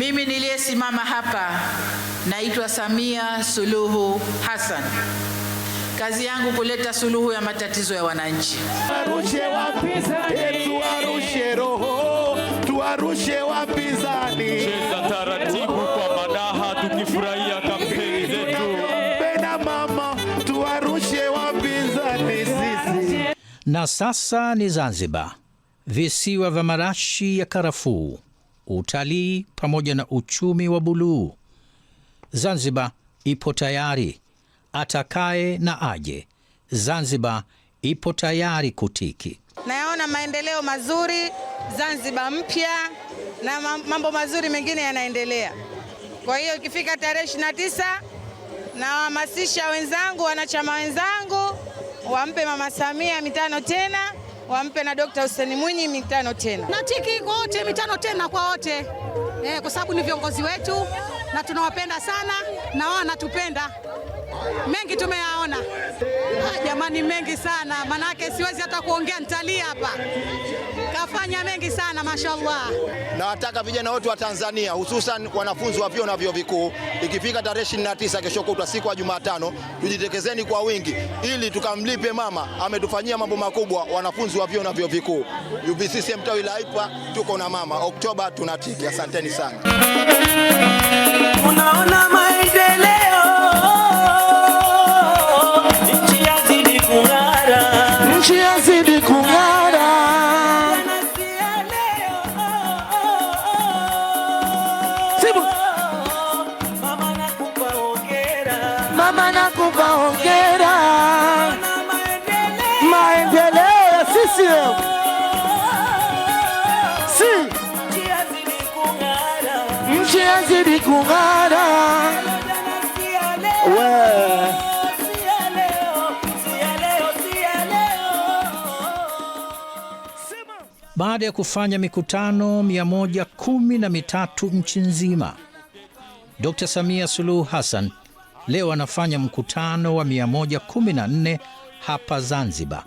Mimi niliyesimama hapa naitwa Samia Suluhu Hassan. Kazi yangu kuleta suluhu ya matatizo ya wananchi. Tuwarushe wapinzani, tuarushe roho, tuwarushe wapinzani. Cheza taratibu kwa madaha tukifurahia kampeni zetu. Penda mama, tuwarushe wapinzani sisi. Na sasa ni Zanzibar. Visiwa vya marashi ya karafuu utalii pamoja na uchumi wa buluu. Zanzibar ipo tayari, atakaye na aje. Zanzibar ipo tayari kutiki. Nayaona maendeleo mazuri Zanzibar mpya na mambo mazuri mengine yanaendelea. Kwa hiyo ikifika tarehe 29 nawahamasisha wenzangu, wanachama wenzangu wampe Mama Samia mitano tena wampe na dokta Hussein Mwinyi mitano tena, na tiki kwa wote mitano tena kwa wote eh, kwa sababu ni viongozi wetu na tunawapenda sana na wao wanatupenda. Mengi tumeyaona. Ah, jamani mengi sana manake siwezi hata kuongea ntalia hapa. Kafanya mengi sana mashallah. Nawataka vijana wote wa Tanzania hususan wanafunzi wa vyuo na vyuo vikuu, ikifika tarehe 29 kesho kutwa, siku ya Jumatano, tujitekezeni kwa wingi ili tukamlipe mama, ametufanyia mambo makubwa. Wanafunzi wa vyuo na vyuo vikuu UVCCM tawi la tuko na mama Oktoba tunatiki. Asanteni sana. baada ya kufanya mikutano 113 nchi nzima. Dr. Samia Suluhu Hassan leo anafanya mkutano wa 114 hapa Zanzibar.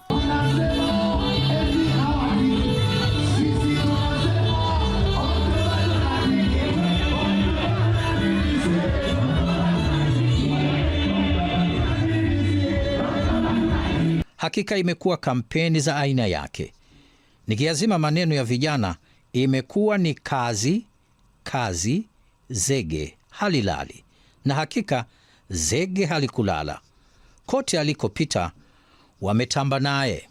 Hakika imekuwa kampeni za aina yake. Nikiazima maneno ya vijana, imekuwa ni kazi kazi, zege halilali, na hakika zege halikulala. Kote alikopita wametamba naye.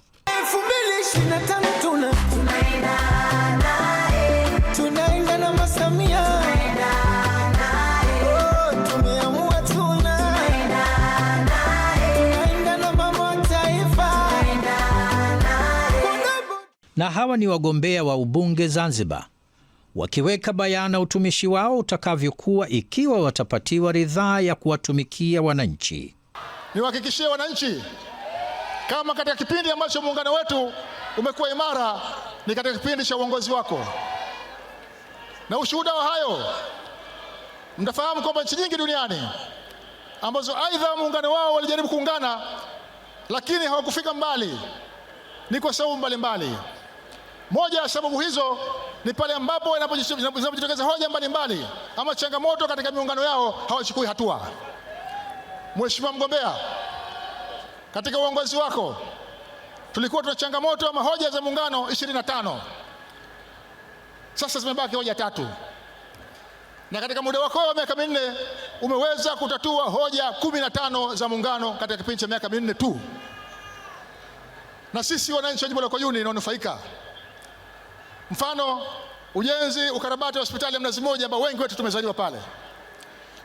na hawa ni wagombea wa ubunge Zanzibar, wakiweka bayana utumishi wao utakavyokuwa ikiwa watapatiwa ridhaa ya kuwatumikia wananchi. Niwahakikishie wananchi kama katika kipindi ambacho muungano wetu umekuwa imara ni katika kipindi cha uongozi wako, na ushuhuda wa hayo mtafahamu kwamba nchi nyingi duniani ambazo aidha muungano wao walijaribu kuungana lakini hawakufika mbali ni kwa sababu mbalimbali. Moja ya sababu hizo ni pale ambapo zinapojitokeza hoja mbalimbali ama changamoto katika miungano yao hawachukui hatua. Mheshimiwa mgombea, katika uongozi wako tulikuwa tuna changamoto ama hoja za muungano 25. Sasa zimebaki hoja tatu, na katika muda wako wa miaka minne umeweza kutatua hoja kumi na tano za muungano katika kipindi cha miaka minne tu, na sisi wananchi wa jimbo la Kwajuni inaonufaika. Mfano ujenzi, ukarabati wa hospitali ya Mnazi Mmoja ambao wengi wetu tumezaliwa pale,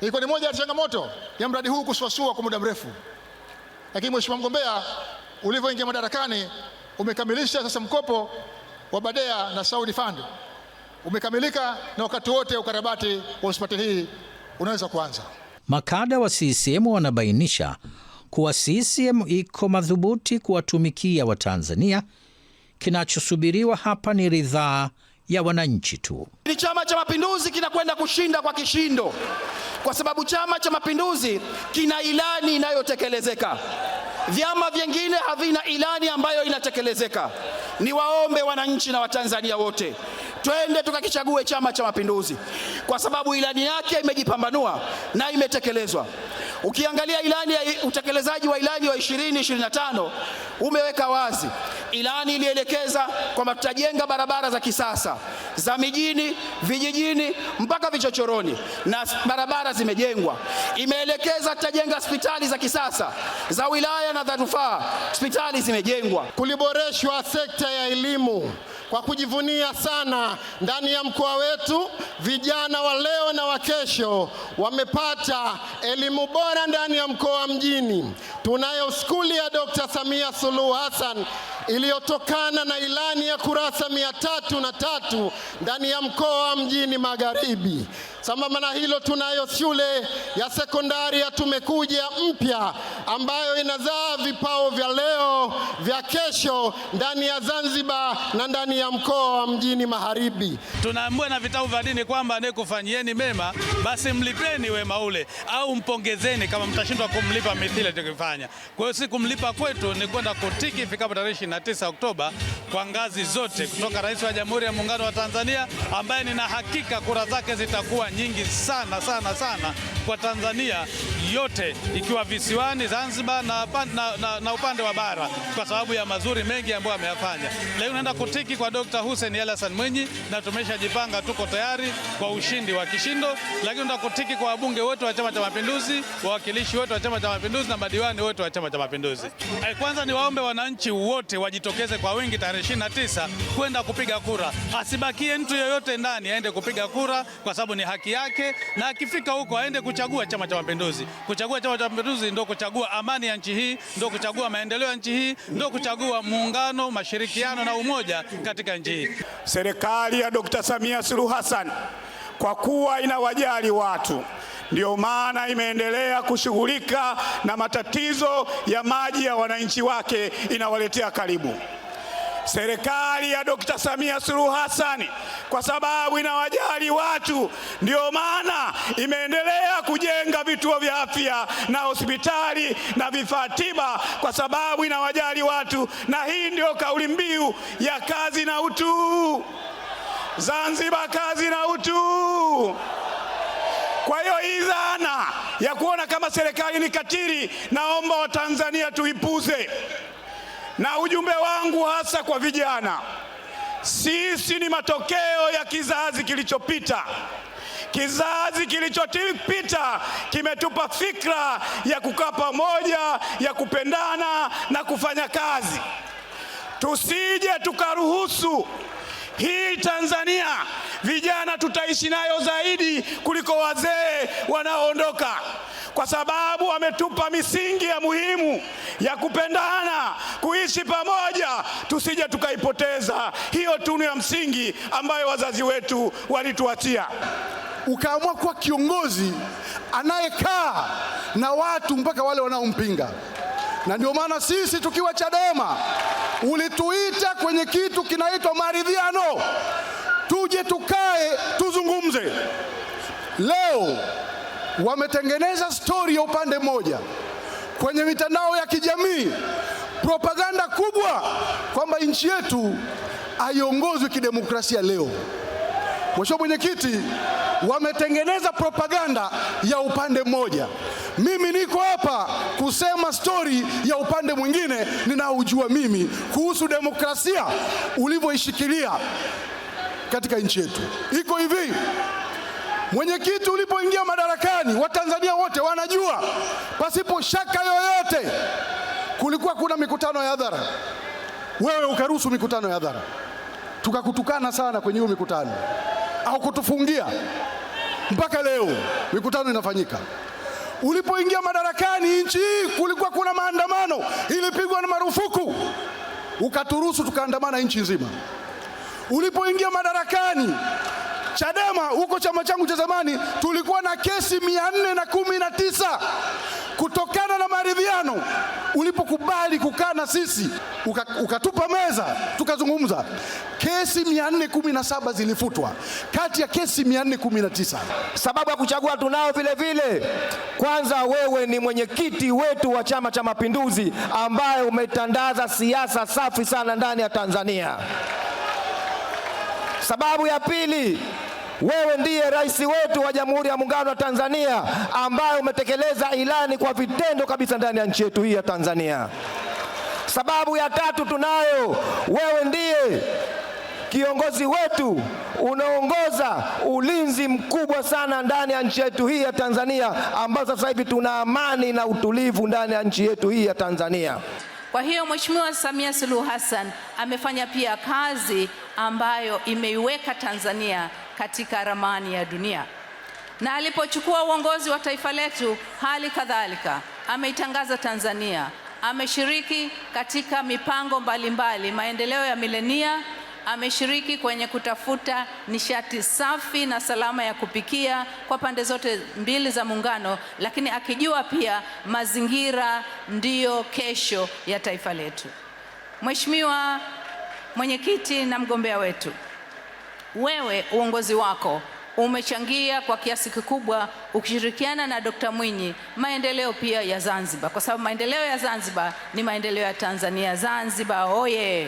ilikuwa ni moja ya changamoto ya mradi huu kusuasua kwa muda mrefu, lakini mheshimiwa mgombea, ulivyoingia madarakani umekamilisha sasa mkopo wa Badea na Saudi Fund umekamilika na wakati wote ukarabati wa hospitali hii unaweza kuanza. Makada wa CCM wanabainisha kuwa CCM iko madhubuti kuwatumikia Watanzania kinachosubiriwa hapa ni ridhaa ya wananchi tu. Ni Chama cha Mapinduzi kinakwenda kushinda kwa kishindo, kwa sababu Chama cha Mapinduzi kina ilani inayotekelezeka. Vyama vyingine havina ilani ambayo inatekelezeka. Niwaombe wananchi na Watanzania wote twende tukakichague Chama cha Mapinduzi, kwa sababu ilani yake imejipambanua na imetekelezwa. Ukiangalia ilani ya utekelezaji wa ilani wa 2025 umeweka wazi, ilani ilielekeza kwamba tutajenga barabara za kisasa za mijini, vijijini mpaka vichochoroni na barabara zimejengwa. Imeelekeza tutajenga hospitali za kisasa za wilaya na za rufaa, hospitali zimejengwa. Kuliboreshwa sekta ya elimu kwa kujivunia sana ndani ya mkoa wetu, vijana wa leo na wa kesho wamepata elimu bora ndani ya mkoa mjini. Tunayo skuli ya Dr. Samia Suluhu Hassan iliyotokana na ilani ya kurasa mia tatu na tatu ndani ya mkoa mjini Magharibi. Sambamba na hilo, tunayo shule ya sekondari ya Tumekuja mpya ambayo inazaa vipao vya leo vya kesho ndani ya Zanzibar na ndani ya mkoa wa Mjini Magharibi. Tunaambiwa na vitabu vya dini kwamba anayekufanyieni mema basi mlipeni wema ule au mpongezeni kama mtashindwa kumlipa mithili atakayofanya. Kwa hiyo si kumlipa kwetu ni kwenda kutiki ifikapo tarehe 29 Oktoba kwa ngazi zote kutoka Rais wa Jamhuri ya Muungano wa Tanzania ambaye nina hakika kura zake zitakuwa nyingi sana sana sana kwa Tanzania yote ikiwa visiwani Zanzibar na, na, na, na upande wa bara kwa sababu ya mazuri mengi ambayo ameyafanya. Leo naenda kutiki kwa Dr. Hussein Ali Hassan Mwinyi na tumeshajipanga, tuko tayari kwa ushindi wa kishindo, lakini naenda kutiki kwa wabunge wote wa Chama cha Mapinduzi, wawakilishi wote wa Chama cha Mapinduzi na madiwani wote wa Chama cha Mapinduzi. Eh, kwanza ni waombe wananchi wote wajitokeze kwa wingi tarehe 29 kwenda kupiga kura, asibakie mtu yoyote ndani, aende kupiga kura kwa sababu ni haki yake, na akifika huko aende kuchagua Chama cha Mapinduzi. Kuchagua Chama cha Mapinduzi ndio kuchagua amani ya nchi hii, ndio kuchagua maendeleo ya nchi hii, ndio kuchagua muungano, mashirikiano na umoja katika nchi hii. Serikali ya Dr. Samia Suluhu Hassan kwa kuwa inawajali watu ndiyo maana imeendelea kushughulika na matatizo ya maji ya wananchi wake, inawaletea karibu serikali ya dokta Samia Suluhu hasani kwa sababu inawajali watu, ndio maana imeendelea kujenga vituo vya afya na hospitali na vifaa tiba, kwa sababu inawajali watu, na hii ndio kauli mbiu ya kazi na utu. Zanzibar, kazi na utu. Kwa hiyo hii dhana ya kuona kama serikali ni katili, naomba Watanzania tuipuze na ujumbe wangu hasa kwa vijana, sisi ni matokeo ya kizazi kilichopita. Kizazi kilichopita kimetupa fikra ya kukaa pamoja, ya kupendana na kufanya kazi. Tusije tukaruhusu hii Tanzania vijana tutaishi nayo zaidi kuliko wazee wanaoondoka kwa sababu ametupa misingi ya muhimu ya kupendana, kuishi pamoja, tusije tukaipoteza hiyo tunu ya msingi ambayo wazazi wetu walituachia. Ukaamua kuwa kiongozi anayekaa na watu mpaka wale wanaompinga, na ndio maana sisi tukiwa Chadema ulituita kwenye kitu kinaitwa maridhiano, tuje tukae tuzungumze leo Wametengeneza stori ya upande mmoja kwenye mitandao ya kijamii, propaganda kubwa kwamba nchi yetu haiongozwi kidemokrasia leo. Mheshimiwa Mwenyekiti, wametengeneza propaganda ya upande mmoja. Mimi niko hapa kusema stori ya upande mwingine ninaojua mimi kuhusu demokrasia ulivyoishikilia katika nchi yetu. Iko hivi. Mwenyekiti, ulipoingia madarakani, Watanzania wote wanajua pasipo shaka yoyote, kulikuwa kuna mikutano ya hadhara, wewe ukaruhusu mikutano ya hadhara, tukakutukana sana kwenye hiyo mikutano au kutufungia. Mpaka leo mikutano inafanyika. Ulipoingia madarakani, nchi hii kulikuwa kuna maandamano, ilipigwa na marufuku, ukaturuhusu tukaandamana nchi nzima. Ulipoingia madarakani Chadema huko chama changu cha zamani tulikuwa na kesi mia nne na kumi na tisa kutokana na maridhiano. Ulipokubali kukaa na sisi ukatupa uka meza tukazungumza, kesi mia nne kumi na saba zilifutwa kati ya kesi mia nne kumi na tisa. Sababu ya kuchagua tunao vile vile. Kwanza wewe ni mwenyekiti wetu wa Chama cha Mapinduzi ambaye umetandaza siasa safi sana ndani ya Tanzania. Sababu ya pili wewe ndiye rais wetu wa Jamhuri ya Muungano wa Tanzania ambaye umetekeleza ilani kwa vitendo kabisa ndani ya nchi yetu hii ya Tanzania. Sababu ya tatu tunayo, wewe ndiye kiongozi wetu unaongoza ulinzi mkubwa sana ndani ya nchi yetu hii ya Tanzania, ambayo sasa hivi tuna amani na utulivu ndani ya nchi yetu hii ya Tanzania. Kwa hiyo Mheshimiwa Samia Suluhu Hassan amefanya pia kazi ambayo imeiweka Tanzania katika ramani ya dunia. Na alipochukua uongozi wa taifa letu, hali kadhalika ameitangaza Tanzania. Ameshiriki katika mipango mbalimbali mbali, maendeleo ya milenia. Ameshiriki kwenye kutafuta nishati safi na salama ya kupikia kwa pande zote mbili za Muungano, lakini akijua pia mazingira ndiyo kesho ya taifa letu. Mheshimiwa Mwenyekiti na mgombea wetu wewe uongozi wako umechangia kwa kiasi kikubwa ukishirikiana na Dkt. Mwinyi maendeleo pia ya Zanzibar, kwa sababu maendeleo ya Zanzibar ni maendeleo ya Tanzania. Zanzibar oye!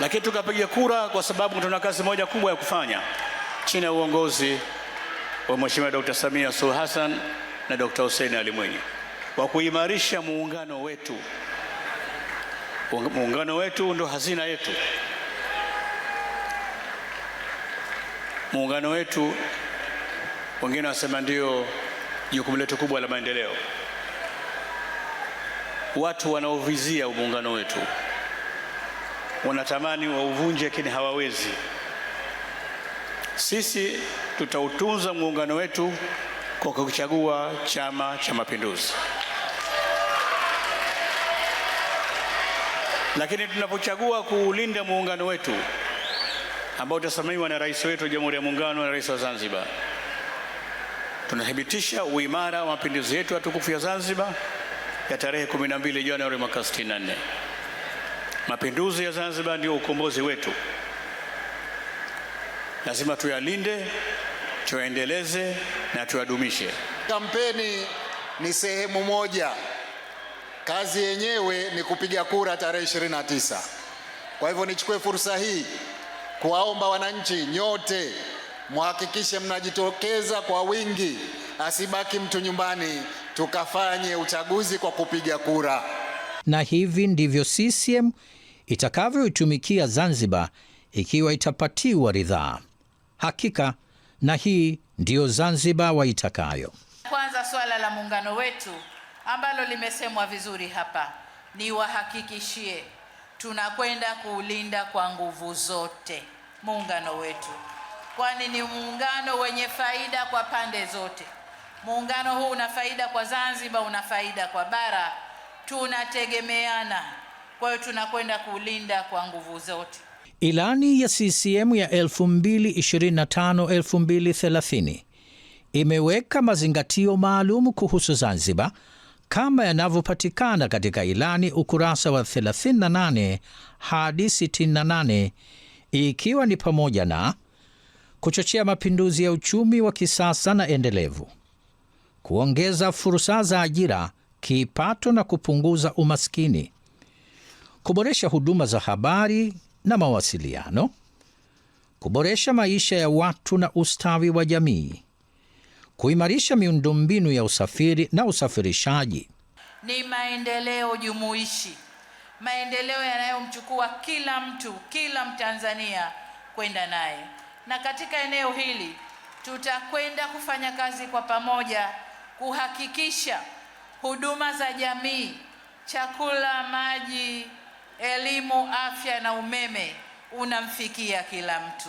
Lakini tukapiga kura kwa sababu tuna kazi moja kubwa ya kufanya chini ya uongozi wa Mheshimiwa Dkt. Samia Suluhu Hassan na Dkt. Hussein Ali Mwinyi wa kuimarisha muungano wetu. Muungano wetu ndo hazina yetu. muungano wetu, wengine wasema ndio jukumu letu kubwa la maendeleo. Watu wanaovizia muungano wetu wanatamani wauvunje, lakini hawawezi. Sisi tutautunza muungano wetu kwa kuchagua Chama cha Mapinduzi. Lakini tunapochagua kuulinda muungano wetu ambao utasimamiwa na rais wetu wa Jamhuri ya Muungano na rais wa Zanzibar. Tunathibitisha uimara wa mapinduzi yetu ya tukufu ya Zanzibar ya tarehe 12 Januari mwaka 64. Mapinduzi ya Zanzibar ndio ukombozi wetu, lazima tuyalinde, tuyaendeleze na tuyadumishe. Kampeni ni sehemu moja, kazi yenyewe ni kupiga kura tarehe 29. Kwa hivyo nichukue fursa hii kuwaomba wananchi nyote muhakikishe mnajitokeza kwa wingi, asibaki mtu nyumbani, tukafanye uchaguzi kwa kupiga kura. Na hivi ndivyo CCM itakavyoitumikia Zanzibar ikiwa itapatiwa ridhaa. Hakika na hii ndiyo Zanzibar waitakayo. Kwanza, swala la muungano wetu ambalo limesemwa vizuri hapa, niwahakikishie tunakwenda kuulinda kwa nguvu zote muungano wetu, kwani ni muungano wenye faida kwa pande zote. Muungano huu una faida kwa Zanzibar, una faida kwa bara, tunategemeana. Kwa hiyo tunakwenda kuulinda kwa nguvu zote. Ilani ya CCM ya 2025-2030 imeweka mazingatio maalum kuhusu Zanzibar kama yanavyopatikana katika ilani ukurasa wa 38 hadi 68, ikiwa ni pamoja na kuchochea mapinduzi ya uchumi wa kisasa na endelevu, kuongeza fursa za ajira, kipato na kupunguza umaskini, kuboresha huduma za habari na mawasiliano, kuboresha maisha ya watu na ustawi wa jamii kuimarisha miundombinu ya usafiri na usafirishaji. Ni maendeleo jumuishi, maendeleo yanayomchukua kila mtu, kila Mtanzania kwenda naye, na katika eneo hili tutakwenda kufanya kazi kwa pamoja kuhakikisha huduma za jamii, chakula, maji, elimu, afya na umeme unamfikia kila mtu.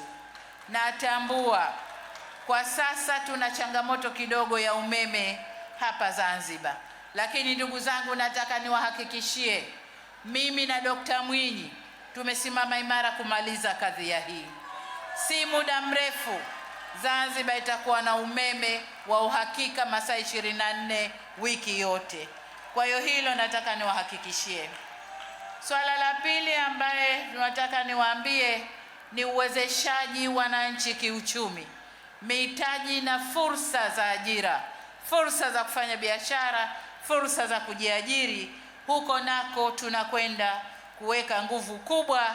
Natambua kwa sasa tuna changamoto kidogo ya umeme hapa Zanzibar, lakini ndugu zangu, nataka niwahakikishie mimi na Dokta Mwinyi tumesimama imara kumaliza kadhia hii. Si muda mrefu Zanzibar itakuwa na umeme wa uhakika masaa 24 na nne wiki yote. Kwa hiyo hilo nataka niwahakikishie. Swala la pili ambaye tunataka niwaambie ni uwezeshaji wananchi kiuchumi mitaji na fursa za ajira, fursa za kufanya biashara, fursa za kujiajiri. Huko nako tunakwenda kuweka nguvu kubwa,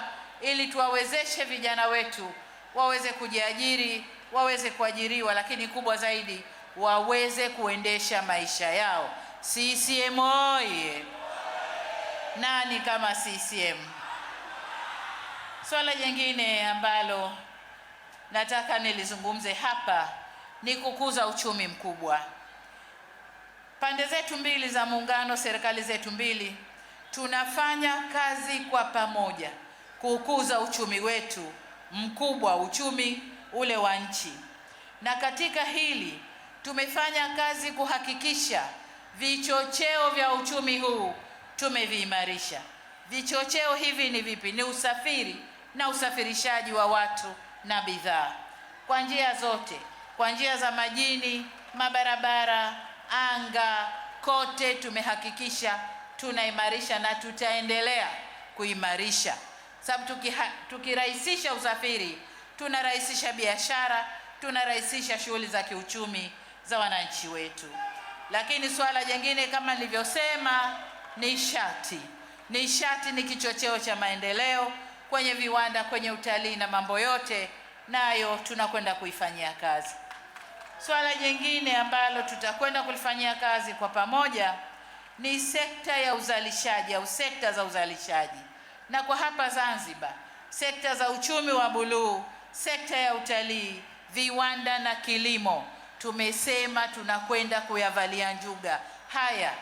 ili tuwawezeshe vijana wetu waweze kujiajiri, waweze kuajiriwa, lakini kubwa zaidi waweze kuendesha maisha yao. CCM oye! Nani kama CCM? Swala jingine ambalo nataka nilizungumze hapa ni kukuza uchumi mkubwa. Pande zetu mbili za Muungano, serikali zetu mbili, tunafanya kazi kwa pamoja kukuza uchumi wetu mkubwa, uchumi ule wa nchi. Na katika hili tumefanya kazi kuhakikisha vichocheo vya uchumi huu tumeviimarisha. Vichocheo hivi ni vipi? Ni usafiri na usafirishaji wa watu na bidhaa kwa njia zote, kwa njia za majini, mabarabara, anga, kote tumehakikisha tunaimarisha na tutaendelea kuimarisha, sababu tukirahisisha usafiri tunarahisisha biashara, tunarahisisha shughuli za kiuchumi za wananchi wetu. Lakini suala jingine kama nilivyosema, nishati. Nishati ni kichocheo cha maendeleo kwenye viwanda, kwenye utalii na mambo yote nayo tunakwenda kuifanyia kazi. Swala jingine ambalo tutakwenda kulifanyia kazi kwa pamoja ni sekta ya uzalishaji au sekta za uzalishaji, na kwa hapa Zanzibar, sekta za uchumi wa buluu, sekta ya utalii, viwanda na kilimo. Tumesema tunakwenda kuyavalia njuga haya,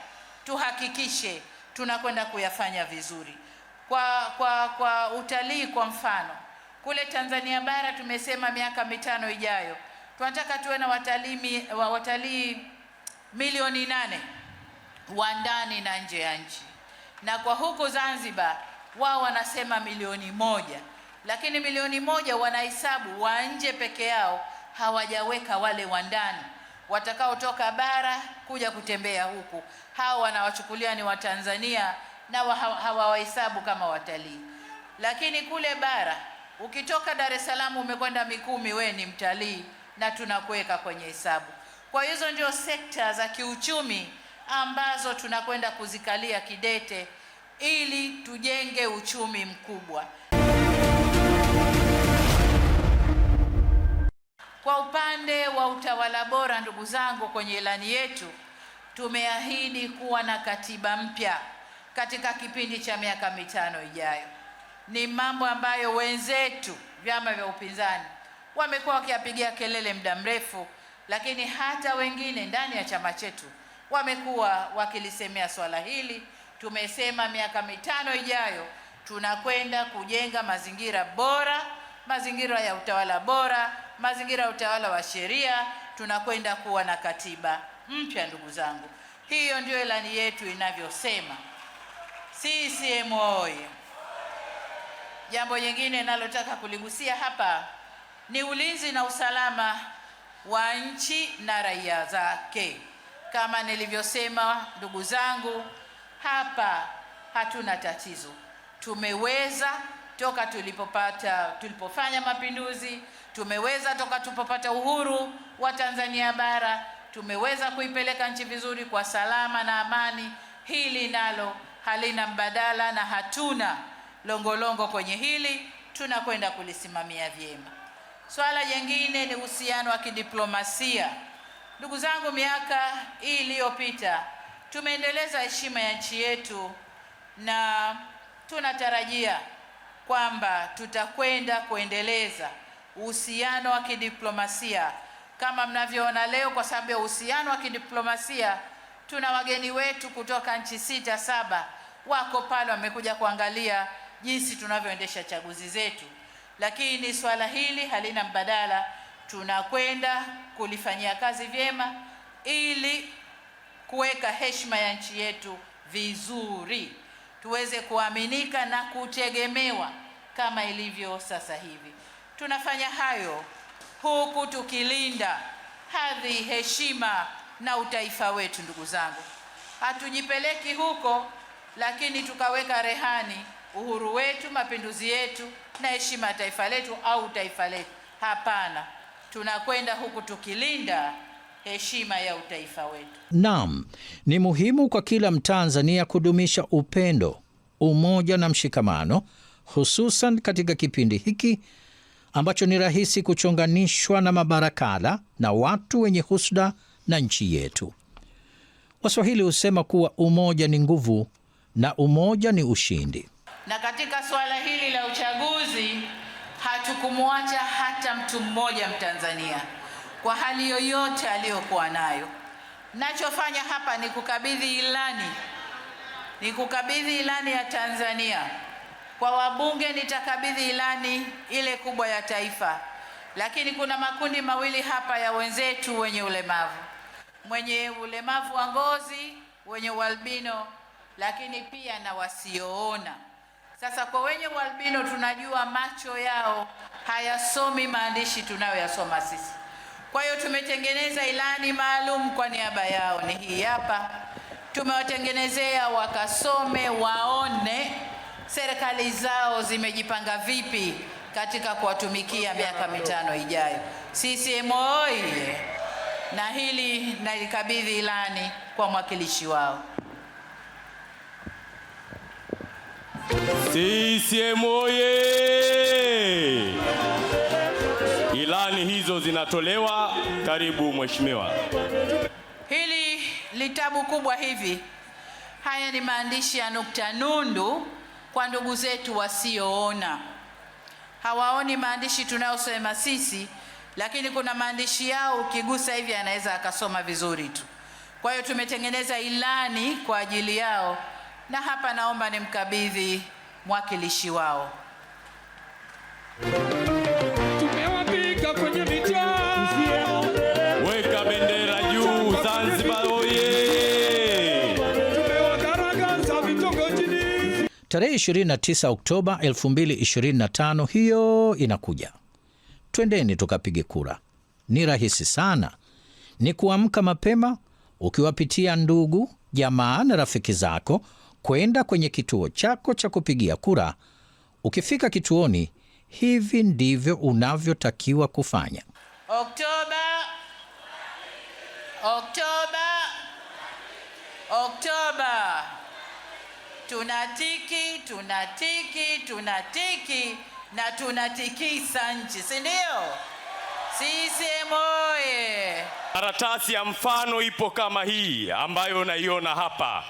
tuhakikishe tunakwenda kuyafanya vizuri kwa, kwa, kwa utalii kwa mfano kule Tanzania bara tumesema miaka mitano ijayo tunataka tuwe na watalii watalii milioni nane wa ndani na nje ya nchi, na kwa huku Zanzibar wao wanasema milioni moja, lakini milioni moja wanahesabu wa nje peke yao, hawajaweka wale wa ndani watakaotoka bara kuja kutembea huku. Hao wanawachukulia ni Watanzania na hawawahesabu kama watalii. Lakini kule bara ukitoka Dar es Salaam umekwenda Mikumi, we ni mtalii na tunakuweka kwenye hesabu. Kwa hizo ndio sekta za kiuchumi ambazo tunakwenda kuzikalia kidete ili tujenge uchumi mkubwa. Kwa upande wa utawala bora, ndugu zangu, kwenye ilani yetu tumeahidi kuwa na katiba mpya katika kipindi cha miaka mitano ijayo. Ni mambo ambayo wenzetu vyama vya upinzani wamekuwa wakiyapigia kelele muda mrefu, lakini hata wengine ndani ya chama chetu wamekuwa wakilisemea swala hili. Tumesema miaka mitano ijayo tunakwenda kujenga mazingira bora, mazingira ya utawala bora, mazingira ya utawala wa sheria. Tunakwenda kuwa na katiba mpya. Ndugu zangu, hiyo ndio ilani yetu inavyosema. CCM Jambo jingine nalotaka kuligusia hapa ni ulinzi na usalama wa nchi na raia zake. Kama nilivyosema, ndugu zangu, hapa hatuna tatizo, tumeweza toka tulipopata tulipofanya mapinduzi, tumeweza toka tupopata uhuru wa Tanzania bara, tumeweza kuipeleka nchi vizuri kwa salama na amani. Hili nalo halina mbadala na hatuna longolongo longo kwenye hili, tunakwenda kulisimamia vyema. Swala jingine ni uhusiano wa kidiplomasia. Ndugu zangu, miaka hii iliyopita tumeendeleza heshima ya nchi yetu na tunatarajia kwamba tutakwenda kuendeleza uhusiano wa kidiplomasia kama mnavyoona leo, kwa sababu ya uhusiano wa kidiplomasia Tuna wageni wetu kutoka nchi sita saba wako pale, wamekuja kuangalia jinsi tunavyoendesha chaguzi zetu, lakini swala hili halina mbadala. Tunakwenda kulifanyia kazi vyema ili kuweka heshima ya nchi yetu vizuri, tuweze kuaminika na kutegemewa kama ilivyo sasa hivi. Tunafanya hayo huku tukilinda hadhi, heshima na utaifa wetu. Ndugu zangu, hatujipeleki huko, lakini tukaweka rehani uhuru wetu, mapinduzi yetu na heshima ya taifa letu au taifa letu. Hapana, tunakwenda huku tukilinda heshima ya utaifa wetu. Naam, ni muhimu kwa kila Mtanzania kudumisha upendo, umoja na mshikamano, hususan katika kipindi hiki ambacho ni rahisi kuchonganishwa na mabarakala na watu wenye husda na nchi yetu. Waswahili husema kuwa umoja ni nguvu na umoja ni ushindi. Na katika suala hili la uchaguzi hatukumwacha hata mtu mmoja Mtanzania kwa hali yoyote aliyokuwa nayo. Nachofanya hapa ni kukabidhi ilani, ni kukabidhi ilani ya Tanzania kwa wabunge. Nitakabidhi ilani ile kubwa ya taifa, lakini kuna makundi mawili hapa ya wenzetu wenye ulemavu mwenye ulemavu wa ngozi, wenye ualbino, lakini pia na wasioona. Sasa kwa wenye ualbino tunajua macho yao hayasomi maandishi tunayoyasoma sisi. Kwa hiyo tumetengeneza ilani maalum kwa niaba yao, ni hii hapa. Tumewatengenezea wakasome, waone serikali zao zimejipanga vipi katika kuwatumikia miaka mitano ijayo. CCM oyee! na hili nalikabidhi ilani kwa mwakilishi wao. CCM oye! Ilani hizo zinatolewa. Karibu mheshimiwa. Hili litabu kubwa hivi, haya ni maandishi ya nukta nundu kwa ndugu zetu wasioona, hawaoni maandishi tunayosema sisi lakini kuna maandishi yao ukigusa hivi anaweza akasoma vizuri tu. Kwa hiyo tumetengeneza ilani kwa ajili yao, na hapa naomba nimkabidhi mwakilishi wao. Tumewapika kwenye mitaa, weka bendera juu, Zanzibar oye! vitongojini. Tarehe 29 Oktoba 2025 hiyo inakuja twendeni tukapige kura. Ni rahisi sana, ni kuamka mapema ukiwapitia ndugu, jamaa na rafiki zako kwenda kwenye kituo chako cha kupigia kura. Ukifika kituoni, hivi ndivyo unavyotakiwa kufanya. Oktoba, Oktoba, Oktoba. Tunatiki, tunatiki, tunatiki na tunatikisa nchi, si ndio? CCM oye! Karatasi ya mfano ipo kama hii ambayo unaiona hapa.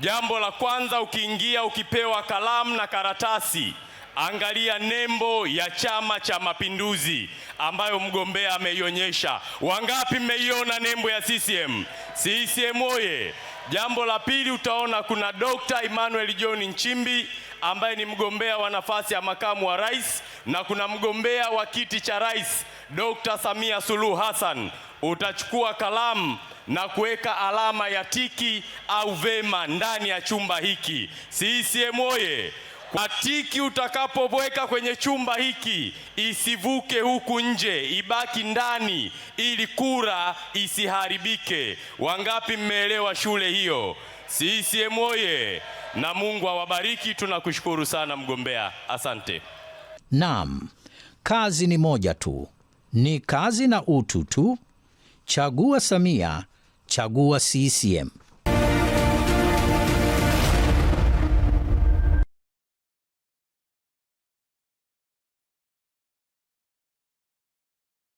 Jambo la kwanza, ukiingia ukipewa kalamu na karatasi, angalia nembo ya Chama cha Mapinduzi ambayo mgombea ameionyesha. Wangapi mmeiona nembo ya CCM? CCM oye! Jambo la pili, utaona kuna Dr. Emmanuel John Nchimbi ambaye ni mgombea wa nafasi ya makamu wa rais na kuna mgombea wa kiti cha rais Dr. Samia Suluhu Hassan, utachukua kalamu na kuweka alama ya tiki au vema ndani ya chumba hiki. CCM oye! Kwa tiki utakapoweka kwenye chumba hiki isivuke huku nje, ibaki ndani ili kura isiharibike. Wangapi mmeelewa shule hiyo? CCM oye! na Mungu awabariki. Tunakushukuru sana mgombea, asante. Naam, kazi ni moja tu, ni kazi na utu tu. Chagua Samia, chagua CCM.